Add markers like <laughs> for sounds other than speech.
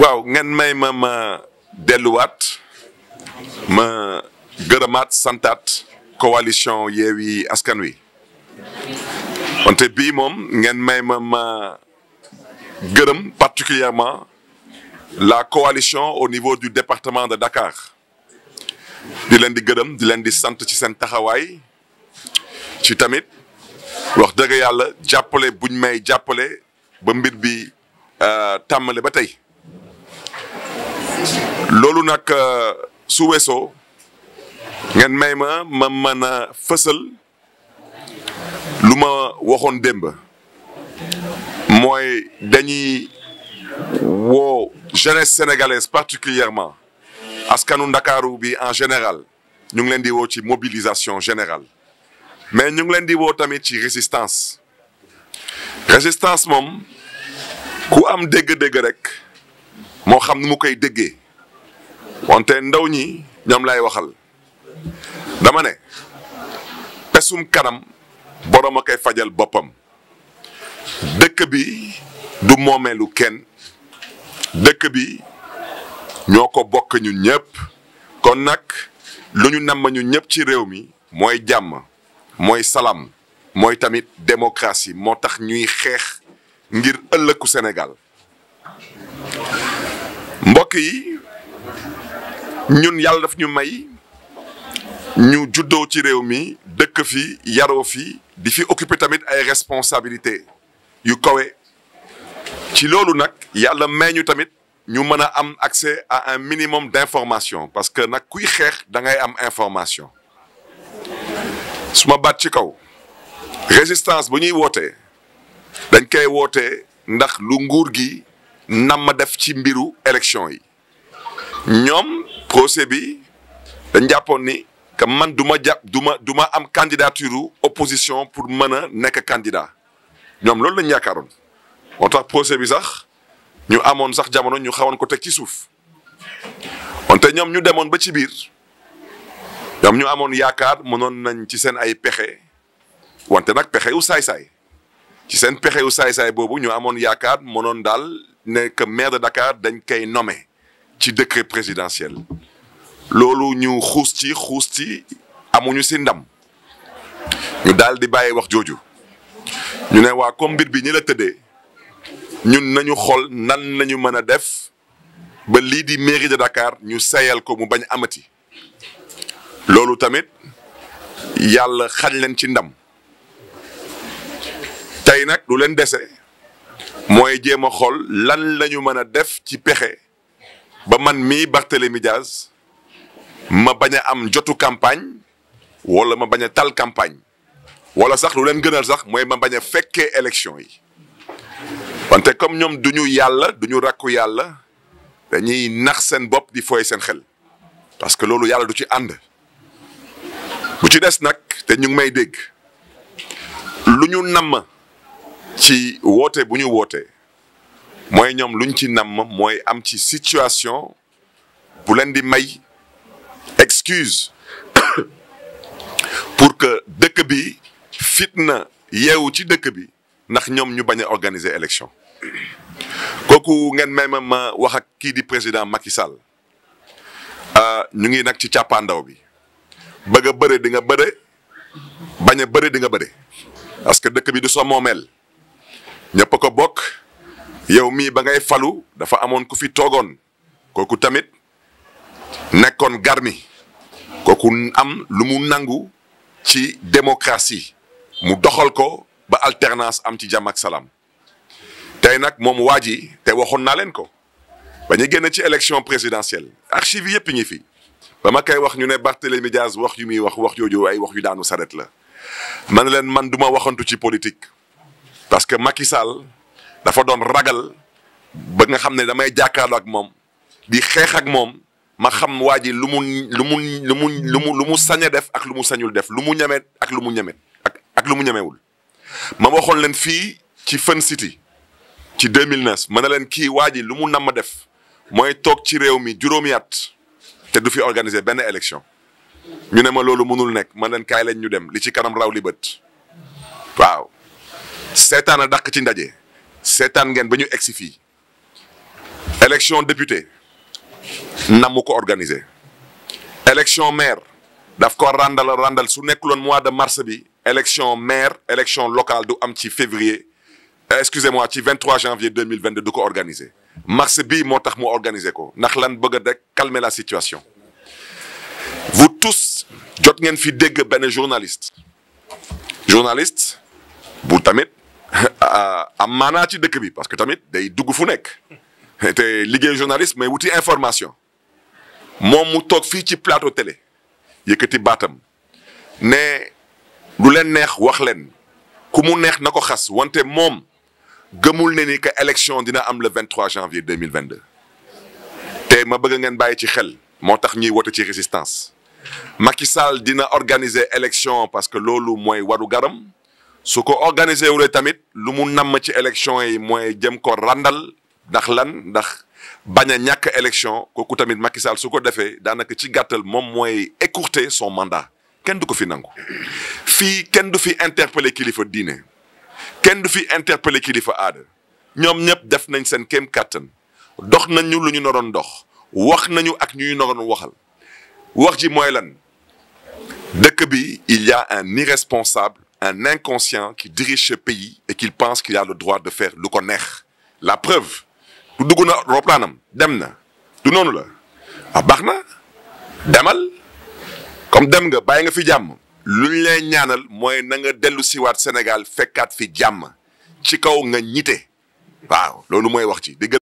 waaw ngeen may ma ma delluwaat ma gërëmaat santaat coalition Yewwi Askan Wi wante bii moom ngeen may ma ma gërëm particulièrement la coalition au niveau du département de Dakar di leen di gërëm di leen di sant ci seen taxawaay ci tamit wax dëgg yàlla jàppale buñ may jàppale ba mbir bi euh, tàmmale ba tey loolu nag euh, su weesoo ngeen may ma ma mën a fësal lu ma waxoon démb mooy dañuy woo jeunesse sénégalaise particulièrement askanu ndakaaru bi en général ñu ngi leen di woo ci mobilisation général mais ñu ngi leen di woo tamit ci résistance résistance moom ku am dégg-dégg rek moo xam nu mu koy déggee wante ndaw ñi ñoom lay waxal dama ne pesum kanam boroom a koy fajal boppam dëkk bi du moomeelu kenn dëkk bi ñoo ko bokk ñun ñëpp kon nag lu ñu namm ñun ñëpp ci réew mi mooy jàmm mooy salaam mooy tamit démocratie moo tax ñuy xeex ngir ëllëku Sénégal mbokk yi ñun yàlla daf ñu may ñu juddoo ci réew mi dëkk fi yaroo fi di fi occuper tamit ay responsabilité yu kawe ci loolu nag yàlla may ñu tamit ñu mën a am accès à un minimum d'information parce que nag kuy xeex dangay am information su ma baat ci kaw résistance bu ñuy woote dañ koy woote ndax lu nguur gi ma def ci mbiru élection yi ñoom procès bi dañ jàppoon ni que man du ma jàpp du ma du ma am candidature opposition pour mën a nekk candidat ñoom loolu lañ yaakaaroon moo tax procès bi sax ñu amoon sax jamono ñu xawoon ko teg ci suuf wante ñoom ñu demoon ba ci biir ñoom ñu amoon yaakaar mënoon nañ ci seen ay pexe wante nag pexe yu saay-saay ci seen pexe yu saay-saay boobu ñu amoon yaakaar mënoon daal ne que maire de Dakar dañ kay nome ci décret présidentiel loolu ñu xuus ci xuus ci amuñu si ndam ñu daal di bàyyi wax jooju ñu ne waa comme mbir bi ñi la tëddee. ñun nañu xool nan lañu mën a def ba lii di mairie de Dakar ñu seyal ko mu bañ amati loolu tamit yàlla xañ leen ci ndam tey nag lu leen dese mooy jéem a xool lan lañu mën a def ci pexe ba man mii Barthélémy Diaz ma bañ a am jotu campagne wala ma bañ a tal campagne wala sax lu leen gënal sax mooy ma bañ a fekkee élection yi wante comme ñoom du ñu yàlla du ñu rakku yàlla dañuy nax seen bopp di fooy seen xel parce que loolu yàlla du ci ànd bu ci des nag te ñu may dégg lu ñu namm ci woote bu ñu woote mooy ñoom luñ ci namm mooy am ci situation bu leen di may excuse <coughs> pour que dëkk bi fitna yeewu ci dëkk bi ndax ñoom ñu bañ a organiser élection kooku ngeen may ma wax ak kii di président Macky Sall ah, ñu ngi nag ci càppaandaw bi bëgg a bëre di nga bëre bañ a bëre di nga bëre parce que dëkk bi du soo moomeel ñëpp ko bokk yow mii ba ngay falu dafa amoon ku fi toogoon kooku tamit nekkoon garmi koku am lu mu nangu ci démocratie mu doxal ko ba alternance am ci jàmm ak salaam tey nag moom waa ji te waxoon naa leen ko ba ñu génn ci élection présidentielle archives yëpp ñi fi ba ma koy wax ñu ne Barthélémy Diaz wax yu muy wax wax jooju ay wax yu daanu saret la man leen man duma ma waxantu ci politique parce que Macky Sall dafa doon ragal ba nga xam ne damay jàkkaarloo ak moom di xeex ak moom ma xam waa ji lu mu lu mu lu mu lu mu sañ a def ak lu mu sañul def lu mu ñeme ak lu mu ñeme ak ak lu mu ñemewul ma waxoon leen fii ci Fun City ci 2009 ma ne leen kii waa ji lu mu namm def mooy toog ci réew mi juróomiyaat te du fi organiser benn élection ñu ne ma loolu mënul nekk ma leen kaay leen ñu dem li ci kanam raw li waaw seetaan daq ci ndaje seetaan ngeen ba ñu egsi fii élection député namu ko organiser élection maire daf ko ràndal ràndal su nekk loon mois de marse bi élection maire élection locale du am ci février eh, excusez-moi ci 23 janvier 2022 du ko organiser mars bii moo tax mu organiser ko ndax lan bëgg a rek calmer la situation vous tous jot ngeen fi dégg benn journaliste journaliste bu tamit <laughs> ah, am maanaa ci dëkk bi parce que tamit day dugg fu nekk <laughs> te liggéey journaliste mais wuti information moom mu toog fii ci plateau télé yëkkati baatam ne lu leen neex wax leen ku mu neex na ko xas wante moom gëmul ne ni que élection dina am le 23 janvier 2022 te ma bëgg ngeen bàyyi ci xel moo tax ñuy wote ci résistance Macky Sall dina organiser élection parce que loolu mooy waru garam su ko organiser wulee tamit lu mu namm ci élection yi mooy jëm ko ràndal ndax lan ndax bañ a ñàkk élection kooku tamit Macky Sall su ko defee daanaka ci gàttal moom mooy écourter son mandat kenn du ko fi nangu fii kenn du fi interpeller kilifa diine kenn du fi interpeller kilifa aada ñoom ñëpp def nañ seen kéem kattan dox nañu lu ñu naroon dox wax nañu ak ñuy naroon waxal wax ji mooy lan dëkk bi il y un irresponsable un inconscient qui dirige ce pays et qu'il pense qu'il a le droit de faire lu ko neex la preuve du dugg na roplaanam dem na du noonu la a ah, baax na demal comme dem nga bàyyi nga fi jàmm lu ñu lay ñaanal mooy na nga dellu siwaat fekkaat fi jàmm ci kaw nga ñite waaw loolu mooy wax ci